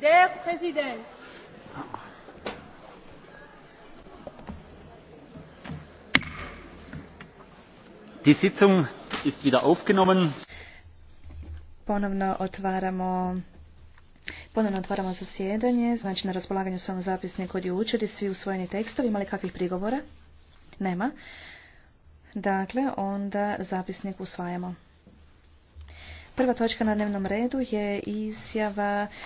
Der Präsident. Die Sitzung ist wieder aufgenommen. Ponovno otvaramo Ponovno otvaramo zasjedanje, znači na raspolaganju su vam zapisnik od jučer i svi usvojeni tekstovi. Imali kakvih prigovora? Nema. Dakle, onda zapisnik usvajamo. Prva točka na dnevnom redu je izjava